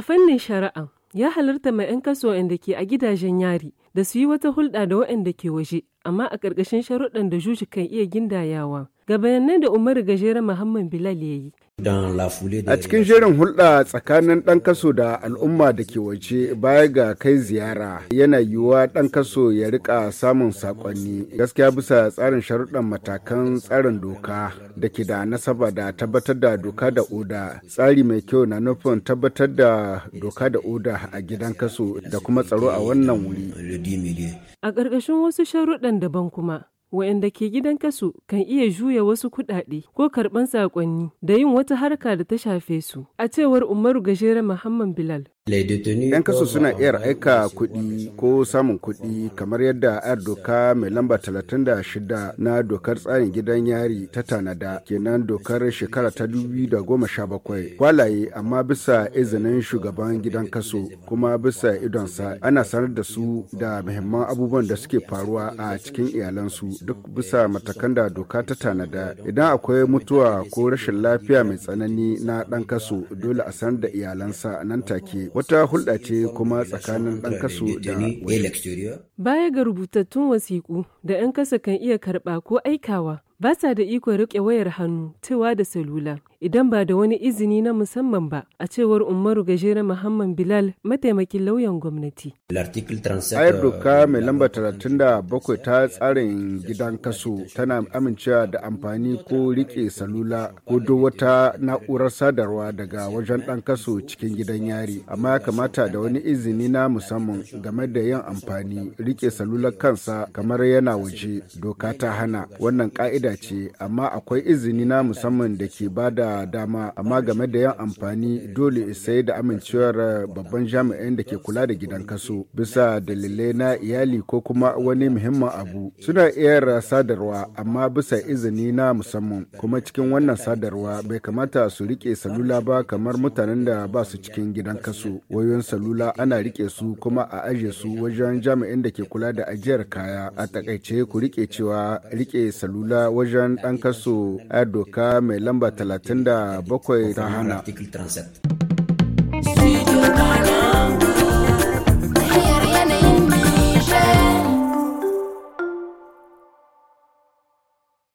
A fannin shari'a, ya halarta ma 'yan kaso waɗanda ke a gidajen yari da su yi wata hulɗa da waɗanda ke waje, amma a ƙarƙashin sharuɗan da juji kan iya gindayawa. ga bayanan da Umaru Gajeren Muhammad Bilal ya yi. A cikin jerin hulɗa tsakanin ɗan kaso da al'umma da ke waje baya ga kai ziyara yana yiwuwa ɗan kaso ya rika samun saƙonni gaskiya bisa tsarin sharuɗan matakan tsarin doka da ke da nasaba da tabbatar da doka da oda tsari mai kyau na nufin tabbatar da doka da oda a gidan kaso da kuma tsaro a wannan wuri. A ƙarƙashin wasu sharuɗan daban kuma waɗanda ke gidan kasu kan iya juya wasu kuɗaɗe ko karɓan saƙonni da yin wata harka da ta shafe su. A cewar Umaru Gajere Muhammad Bilal, 'yan kaso suna iya aika kuɗi ko samun kuɗi kamar yadda ayar doka mai lamba 36 na dokar tsarin gidan yari ta tanada kenan dokar shekara ta 2017 kwalaye amma bisa izinin shugaban gidan kaso kuma bisa idonsa ana sanar da su da muhimman abubuwan da suke faruwa a cikin iyalansu duk bisa matakan da doka ta tanada idan akwai mutuwa ko rashin lafiya mai tsanani na ɗan kaso dole a sanar da iyalansa nan take wata hulɗa ce kuma tsakanin ɗan kaso da wani. Baya ga rubutattun wasiƙu da 'yan kasa kan iya karɓa ko aikawa ba sa da ikon riƙe wayar hannu cewa da salula idan ba da wani izini na musamman ba a cewar umaru gajeren muhammad bilal mataimakin lauyan gwamnati ayar doka euh, mai lamba 37 ta euh, tsarin gidan kaso tana amincewa da amfani ko riƙe salula ko do wata na'urar sadarwa daga wajen ɗan kaso cikin gidan yari amma ya kamata da wani izini na musamman game da yin amfani riƙe salular kansa kamar yana waje doka ta hana wannan ka'ida shaida ce amma akwai izini na musamman da ke ba da dama amma game da yan amfani dole sai da amincewar babban jami'in da ke kula da gidan kaso bisa dalilai na iyali ko kuma wani muhimmin abu suna iya sadarwa amma bisa izini na musamman kuma cikin wannan sadarwa bai kamata su rike salula ba kamar mutanen da ba su cikin gidan kaso wayoyin salula ana rike su kuma a aje su wajen jami'in da ke kula da ajiyar kaya a takaice ku rike cewa rike salula wajen ɗan kaso a doka mai lamba 37 ta hana.